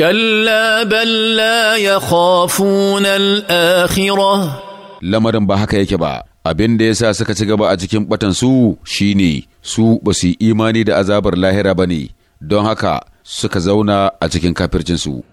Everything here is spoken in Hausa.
كلا بل لا يخافون الآخرة lamarin ba haka yake ba abin da yasa suka ci gaba a cikin batan su shine su basu yi imani da azabar lahira ba ne, don haka suka zauna a cikin kafircinsu